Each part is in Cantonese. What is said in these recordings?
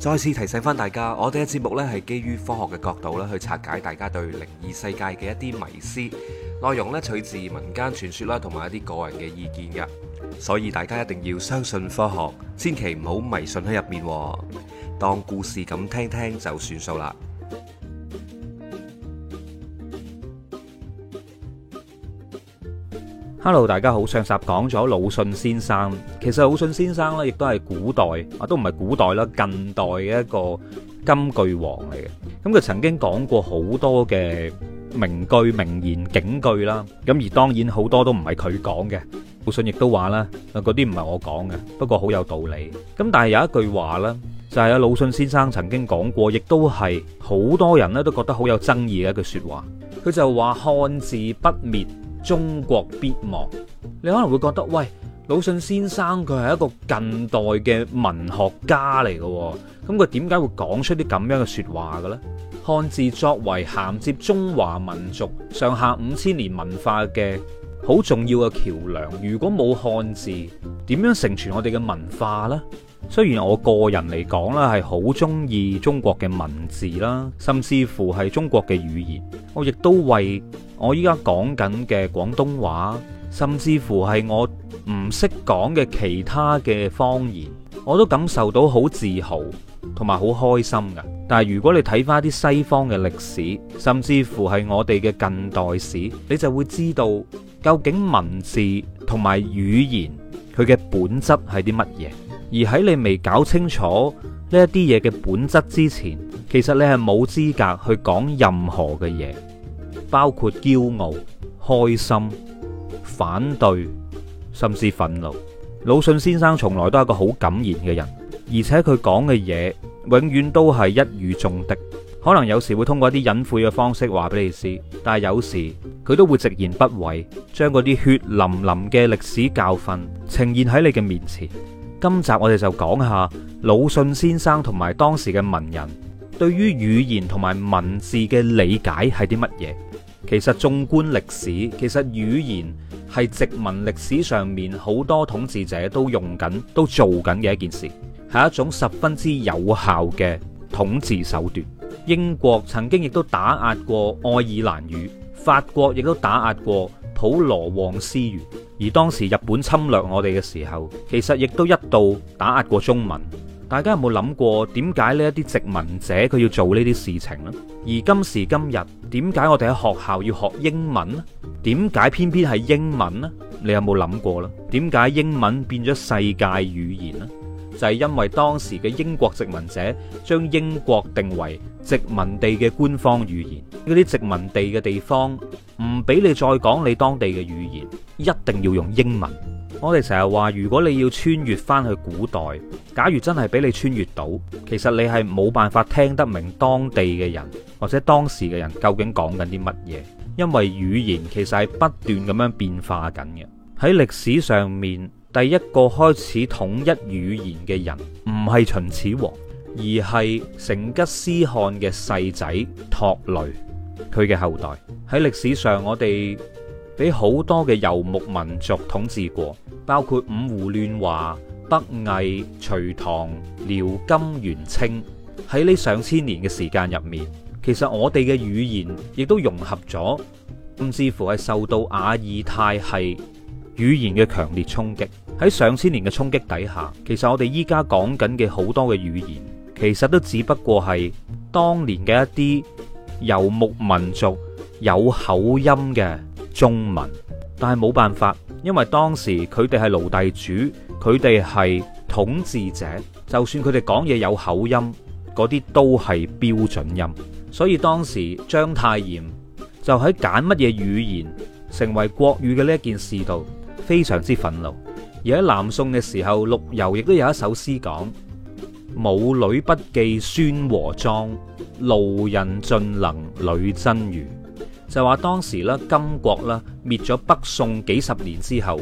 再次提醒翻大家，我哋嘅節目咧，係基於科學嘅角度咧，去拆解大家對靈異世界嘅一啲迷思，內容咧，取自民間傳說啦，同埋一啲個人嘅意見嘅，所以大家一定要相信科學，千祈唔好迷信喺入面，當故事咁聽聽就算數啦。Hello，大家好。上集講咗魯迅先生，其實魯迅先生咧，亦都係古代啊，都唔係古代啦，近代嘅一個金句王嚟嘅。咁佢曾經講過好多嘅名句名言警句啦。咁而當然好多都唔係佢講嘅。魯迅亦都話啦，嗰啲唔係我講嘅，不過好有道理。咁但係有一句話咧，就係阿魯迅先生曾經講過，亦都係好多人咧都覺得好有爭議嘅一句說話。佢就話漢字不滅。中國必亡。你可能會覺得，喂，魯迅先生佢係一個近代嘅文學家嚟嘅，哦，咁佢點解會講出啲咁樣嘅説話嘅咧？漢字作為銜接中華民族上下五千年文化嘅好重要嘅橋梁，如果冇漢字，點樣成全我哋嘅文化呢？雖然我個人嚟講咧，係好中意中國嘅文字啦，甚至乎係中國嘅語言，我亦都為我依家講緊嘅廣東話，甚至乎係我唔識講嘅其他嘅方言，我都感受到好自豪同埋好開心㗎。但係如果你睇翻啲西方嘅歷史，甚至乎係我哋嘅近代史，你就會知道。究竟文字同埋語言佢嘅本質係啲乜嘢？而喺你未搞清楚呢一啲嘢嘅本質之前，其實你係冇資格去講任何嘅嘢，包括驕傲、開心、反對，甚至憤怒。魯迅先生從來都係一個好敢言嘅人，而且佢講嘅嘢永遠都係一語中的。可能有時會通過一啲隱晦嘅方式話俾你知，但係有時佢都會直言不諱，將嗰啲血淋淋嘅歷史教訓呈現喺你嘅面前。今集我哋就講下魯迅先生同埋當時嘅文人對於語言同埋文字嘅理解係啲乜嘢。其實縱觀歷史，其實語言係殖民歷史上面好多統治者都用緊、都做緊嘅一件事，係一種十分之有效嘅統治手段。英國曾經亦都打壓過愛爾蘭語，法國亦都打壓過普羅旺斯語，而當時日本侵略我哋嘅時候，其實亦都一度打壓過中文。大家有冇諗過點解呢一啲殖民者佢要做呢啲事情呢？而今時今日，點解我哋喺學校要學英文呢？點解偏偏係英文呢？你有冇諗過呢？點解英文變咗世界語言呢？就係因為當時嘅英國殖民者將英國定為殖民地嘅官方語言，嗰啲殖民地嘅地方唔俾你再講你當地嘅語言，一定要用英文。我哋成日話，如果你要穿越翻去古代，假如真係俾你穿越到，其實你係冇辦法聽得明當地嘅人或者當時嘅人究竟講緊啲乜嘢，因為語言其實，係不斷咁樣變化緊嘅，喺歷史上面。第一個開始統一語言嘅人唔係秦始皇，而係成吉思汗嘅細仔托雷佢嘅後代。喺歷史上，我哋俾好多嘅游牧民族統治過，包括五胡亂華、北魏、隋唐、遼金元清。喺呢上千年嘅時間入面，其實我哋嘅語言亦都融合咗，甚至乎係受到阿爾泰系。語言嘅強烈衝擊，喺上千年嘅衝擊底下，其實我哋依家講緊嘅好多嘅語言，其實都只不過係當年嘅一啲游牧民族有口音嘅中文。但係冇辦法，因為當時佢哋係奴隸主，佢哋係統治者，就算佢哋講嘢有口音，嗰啲都係標準音。所以當時章太炎就喺揀乜嘢語言成為國語嘅呢件事度。非常之憤怒。而喺南宋嘅時候，陸游亦都有一首詩講：“母女不記孫和妝，路人盡能女真語。”就話當時咧，金國啦滅咗北宋幾十年之後，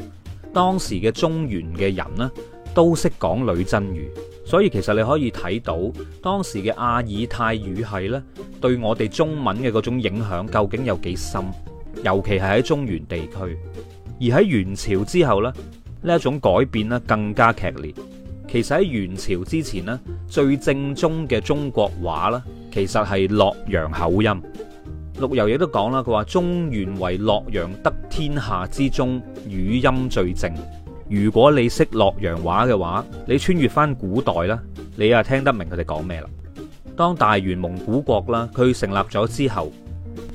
當時嘅中原嘅人呢，都識講女真語。所以其實你可以睇到當時嘅阿爾泰語系咧，對我哋中文嘅嗰種影響究竟有幾深，尤其係喺中原地區。而喺元朝之後咧，呢一種改變咧更加劇烈。其實喺元朝之前呢，最正宗嘅中國話呢，其實係洛陽口音。陸游亦都講啦，佢話：中原為洛陽，得天下之中，語音最正。如果你識洛陽話嘅話，你穿越翻古代啦，你啊聽得明佢哋講咩啦。當大元蒙古國啦，佢成立咗之後。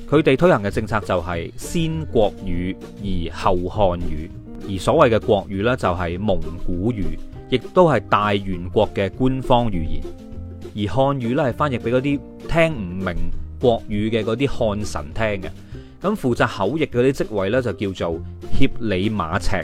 佢哋推行嘅政策就係先國語而後漢語，而所謂嘅國語呢，就係蒙古語，亦都係大元國嘅官方語言。而漢語呢，係翻譯俾嗰啲聽唔明國語嘅嗰啲漢臣聽嘅。咁負責口譯嗰啲職位呢，就叫做怯里馬赤。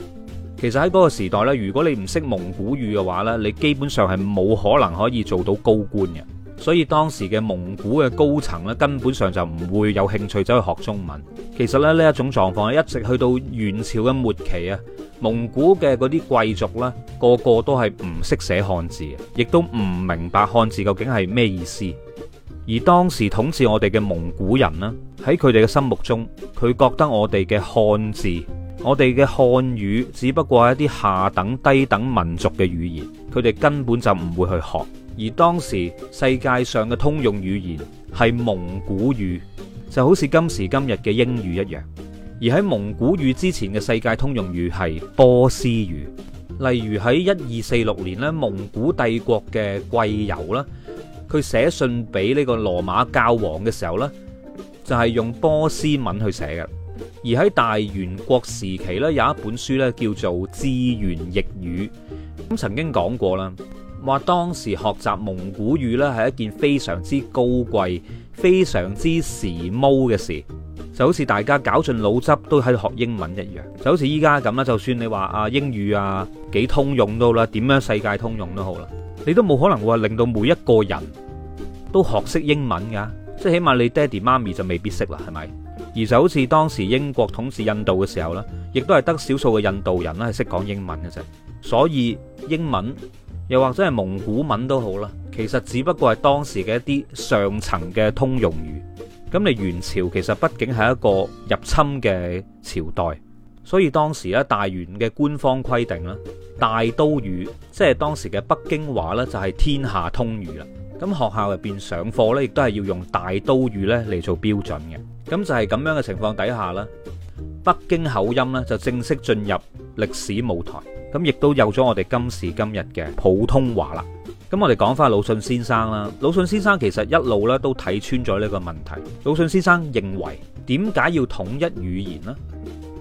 其實喺嗰個時代呢，如果你唔識蒙古語嘅話呢，你基本上係冇可能可以做到高官嘅。所以當時嘅蒙古嘅高層咧，根本上就唔會有興趣走去學中文。其實咧，呢一種狀況一直去到元朝嘅末期啊，蒙古嘅嗰啲貴族咧，個個都係唔識寫漢字，亦都唔明白漢字究竟係咩意思。而當時統治我哋嘅蒙古人咧，喺佢哋嘅心目中，佢覺得我哋嘅漢字、我哋嘅漢語，只不過係一啲下等、低等民族嘅語言，佢哋根本就唔會去學。而當時世界上嘅通用語言係蒙古語，就好似今時今日嘅英語一樣。而喺蒙古語之前嘅世界通用語係波斯語。例如喺一二四六年咧，蒙古帝國嘅貴由啦，佢寫信俾呢個羅馬教皇嘅時候呢就係、是、用波斯文去寫嘅。而喺大元國時期咧，有一本書咧叫做《志源譯語》，咁曾經講過啦。話當時學習蒙古語咧係一件非常之高貴、非常之時髦嘅事，就好似大家搞盡腦汁都喺度學英文一樣，就好似依家咁啦。就算你話啊英語啊幾通用都好啦，點樣世界通用都好啦，你都冇可能會令到每一個人都學識英文㗎。即係起碼你爹哋媽咪就未必識啦，係咪？而就好似當時英國統治印度嘅時候呢，亦都係得少數嘅印度人咧係識講英文嘅啫。所以英文，又或者係蒙古文都好啦，其實只不過係當時嘅一啲上層嘅通用語。咁你元朝其實畢竟係一個入侵嘅朝代，所以當時咧大元嘅官方規定啦，「大都語」即係當時嘅北京話呢，就係天下通語啦。咁學校入邊上課呢，亦都係要用大都語呢嚟做標準嘅。咁就係咁樣嘅情況底下啦。北京口音呢，就正式進入歷史舞台，咁亦都有咗我哋今時今日嘅普通話啦。咁我哋講翻魯迅先生啦，魯迅先生其實一路咧都睇穿咗呢個問題。魯迅先生認為，點解要統一語言呢？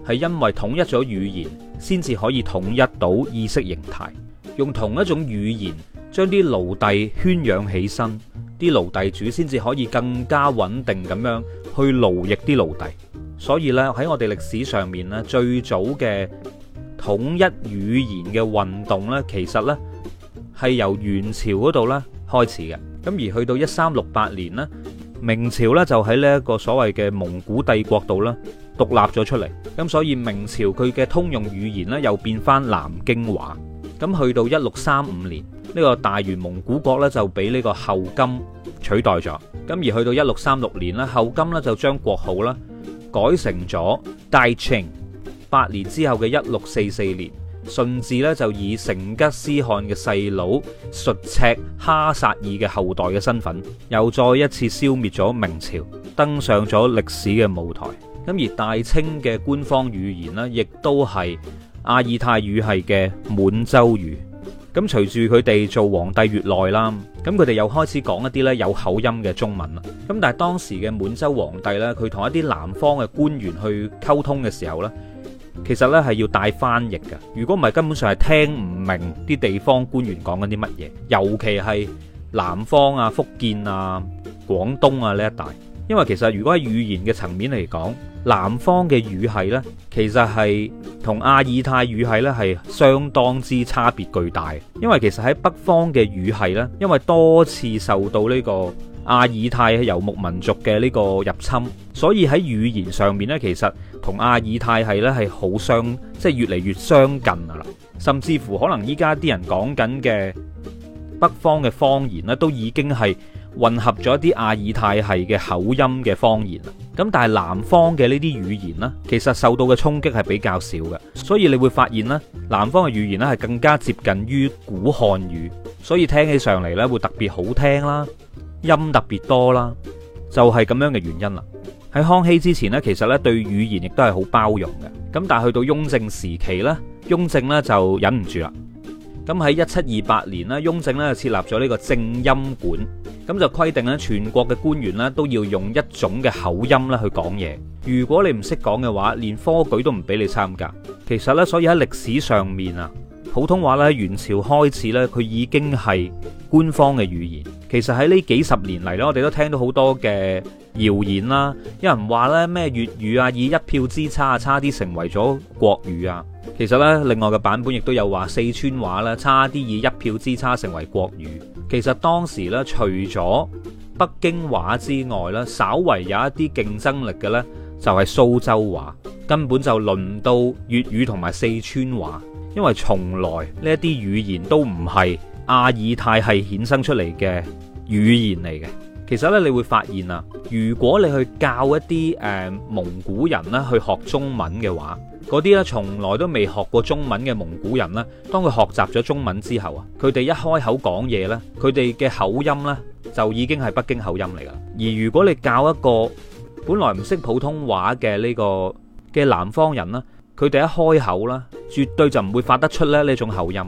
係因為統一咗語言，先至可以統一到意識形態，用同一種語言將啲奴隸圈養起身，啲奴隸主先至可以更加穩定咁樣去奴役啲奴隸。所以咧喺我哋歷史上面咧，最早嘅統一語言嘅運動呢，其實呢係由元朝嗰度呢開始嘅。咁而去到一三六八年呢，明朝呢就喺呢一個所謂嘅蒙古帝國度呢獨立咗出嚟。咁所以明朝佢嘅通用語言呢又變翻南京話。咁去到一六三五年呢個大元蒙古國呢，就俾呢個後金取代咗。咁而去到一六三六年呢，後金呢就將國號啦。改成咗大清，八年之後嘅一六四四年，順治咧就以成吉思汗嘅細佬、術赤哈薩爾嘅後代嘅身份，又再一次消滅咗明朝，登上咗歷史嘅舞台。咁而大清嘅官方語言咧，亦都係阿爾泰語系嘅滿洲語。咁隨住佢哋做皇帝越耐啦，咁佢哋又開始講一啲呢有口音嘅中文啦。咁但係當時嘅滿洲皇帝呢，佢同一啲南方嘅官員去溝通嘅時候呢，其實呢係要帶翻譯嘅。如果唔係，根本上係聽唔明啲地方官員講緊啲乜嘢，尤其係南方啊、福建啊、廣東啊呢一帶。因為其實如果喺語言嘅層面嚟講，南方嘅語系呢，其實係同阿爾泰語系呢係相當之差別巨大。因為其實喺北方嘅語系呢，因為多次受到呢個阿爾泰游牧民族嘅呢個入侵，所以喺語言上面呢，其實同阿爾泰系呢係好相，即係越嚟越相近啊！甚至乎可能依家啲人講緊嘅北方嘅方言呢，都已經係。混合咗一啲阿爾泰系嘅口音嘅方言，咁但係南方嘅呢啲語言呢，其實受到嘅衝擊係比較少嘅，所以你會發現呢，南方嘅語言呢係更加接近於古漢語，所以聽起上嚟，呢會特別好聽啦，音特別多啦，就係咁樣嘅原因啦。喺康熙之前呢，其實呢對語言亦都係好包容嘅，咁但係去到雍正時期呢，雍正呢就忍唔住啦。咁喺一七二八年呢，雍正咧設立咗呢個正音館，咁就規定咧全國嘅官員咧都要用一種嘅口音咧去講嘢。如果你唔識講嘅話，連科舉都唔俾你參加。其實呢，所以喺歷史上面啊。普通話咧，元朝開始咧，佢已經係官方嘅語言。其實喺呢幾十年嚟咧，我哋都聽到好多嘅謠言啦。有人話咧，咩粵語啊，以一票之差啊，差啲成為咗國語啊。其實咧，另外嘅版本亦都有話四川話咧，差啲以一票之差成為國語。其實當時咧，除咗北京話之外咧，稍為有一啲競爭力嘅咧，就係蘇州話，根本就輪唔到粵語同埋四川話。因為從來呢一啲語言都唔係阿爾泰系衍生出嚟嘅語言嚟嘅，其實呢，你會發現啊，如果你去教一啲誒、嗯、蒙古人咧去學中文嘅話，嗰啲呢從來都未學過中文嘅蒙古人呢，當佢學習咗中文之後啊，佢哋一開口講嘢呢，佢哋嘅口音呢，就已經係北京口音嚟噶啦。而如果你教一個本來唔識普通話嘅呢、這個嘅南方人呢。佢哋一開口啦，絕對就唔會發得出咧呢種口音。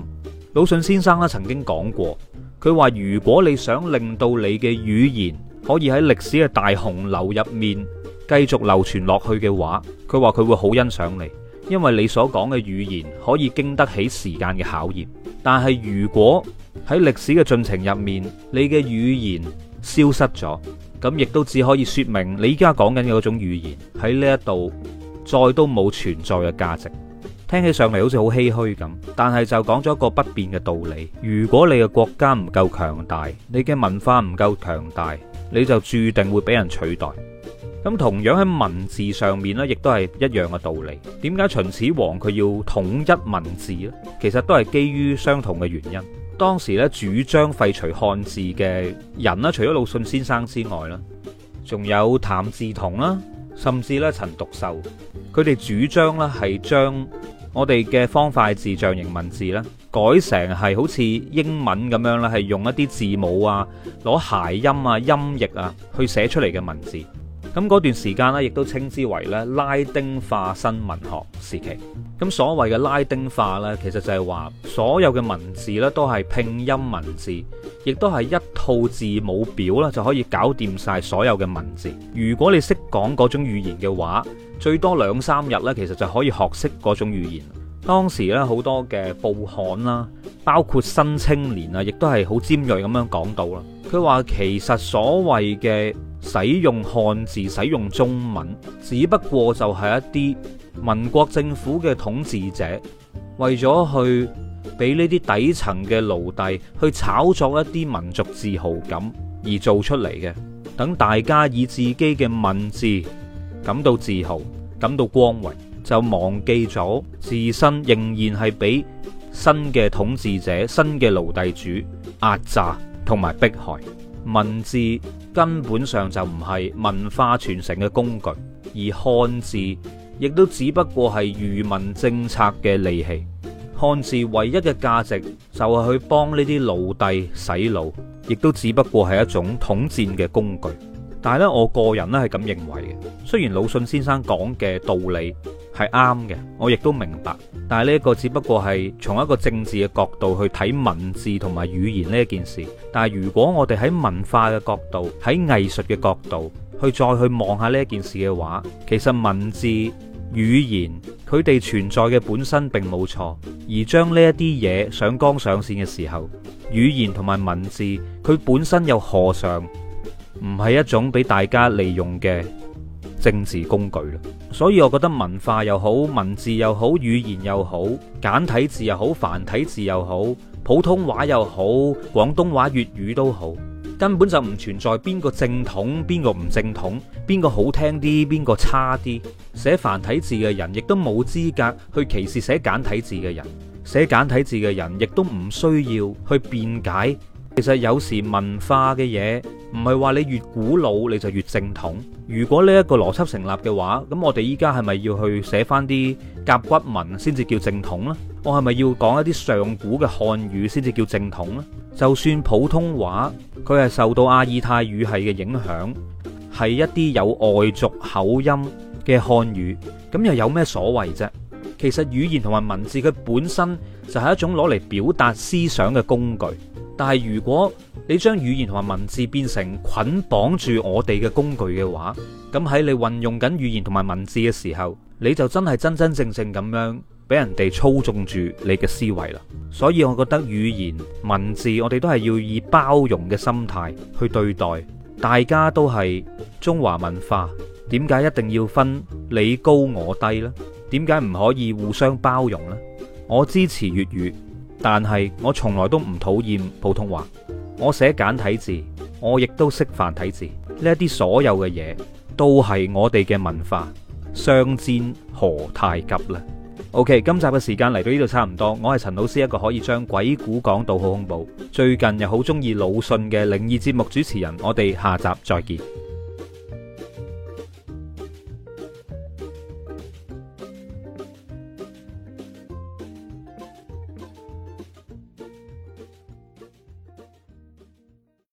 魯迅先生咧曾經講過，佢話：如果你想令到你嘅語言可以喺歷史嘅大洪流入面繼續流傳落去嘅話，佢話佢會好欣賞你，因為你所講嘅語言可以經得起時間嘅考驗。但係如果喺歷史嘅進程入面，你嘅語言消失咗，咁亦都只可以説明你依家講緊嘅嗰種語言喺呢一度，再都冇存在嘅價值，聽起上嚟好似好唏噓咁。但係就講咗一個不變嘅道理，如果你嘅國家唔夠強大，你嘅文化唔夠強大，你就注定會俾人取代。咁同樣喺文字上面咧，亦都係一樣嘅道理。點解秦始皇佢要統一文字咧？其實都係基於相同嘅原因。當時咧，主張廢除漢字嘅人啦，除咗魯迅先生之外啦，仲有譚嗣同啦。甚至咧，陳獨秀，佢哋主張咧係將我哋嘅方塊字象形文字咧改成係好似英文咁樣啦，係用一啲字母啊，攞諧音啊、音譯啊去寫出嚟嘅文字。咁嗰段時間咧，亦都稱之為咧拉丁化新文學時期。咁所謂嘅拉丁化呢，其實就係話所有嘅文字呢，都係拼音文字。亦都係一套字母表啦，就可以搞掂晒所有嘅文字。如果你識講嗰種語言嘅話，最多兩三日呢，其實就可以學識嗰種語言。當時咧好多嘅報刊啦，包括《新青年》啊，亦都係好尖銳咁樣講到啦。佢話其實所謂嘅使用漢字、使用中文，只不過就係一啲民國政府嘅統治者為咗去。俾呢啲底層嘅奴隸去炒作一啲民族自豪感而做出嚟嘅，等大家以自己嘅文字感到自豪、感到光榮，就忘記咗自身仍然係俾新嘅統治者、新嘅奴隸主壓榨同埋迫害。文字根本上就唔係文化傳承嘅工具，而漢字亦都只不過係愚民政策嘅利器。漢字唯一嘅價值就係去幫呢啲奴隸洗腦，亦都只不過係一種統戰嘅工具。但係咧，我個人咧係咁認為嘅。雖然魯迅先生講嘅道理係啱嘅，我亦都明白。但係呢個只不過係從一個政治嘅角度去睇文字同埋語言呢一件事。但係如果我哋喺文化嘅角度、喺藝術嘅角度去再去望下呢一件事嘅話，其實文字、語言。佢哋存在嘅本身並冇錯，而將呢一啲嘢上綱上線嘅時候，語言同埋文字佢本身又何嘗唔係一種俾大家利用嘅政治工具。所以我覺得文化又好，文字又好，語言又好，簡體字又好，繁體字又好，普通話又好，廣東話粵語都好。根本就唔存在邊個正統，邊個唔正統，邊個好聽啲，邊個差啲。寫繁體字嘅人亦都冇資格去歧視寫簡體字嘅人，寫簡體字嘅人亦都唔需要去辯解。其實有時文化嘅嘢唔係話你越古老你就越正統。如果呢一個邏輯成立嘅話，咁我哋依家係咪要去寫翻啲甲骨文先至叫正統呢？我係咪要講一啲上古嘅漢語先至叫正統呢？就算普通話，佢係受到阿爾泰語系嘅影響，係一啲有外族口音嘅漢語，咁又有咩所謂啫？其實語言同埋文字佢本身就係一種攞嚟表達思想嘅工具，但係如果你將語言同埋文字變成捆綁住我哋嘅工具嘅話，咁喺你運用緊語言同埋文字嘅時候，你就真係真真正正咁樣。俾人哋操縱住你嘅思維啦，所以我覺得語言文字，我哋都係要以包容嘅心態去對待。大家都係中華文化，點解一定要分你高我低呢？點解唔可以互相包容呢？我支持粵語，但係我從來都唔討厭普通話。我寫簡體字，我亦都識繁體字。呢一啲所有嘅嘢都係我哋嘅文化，相煎何太急啦？O.K. 今集嘅時間嚟到呢度差唔多，我係陳老師一個可以將鬼故講到好恐怖，最近又好中意魯迅嘅靈異節目主持人，我哋下集再見。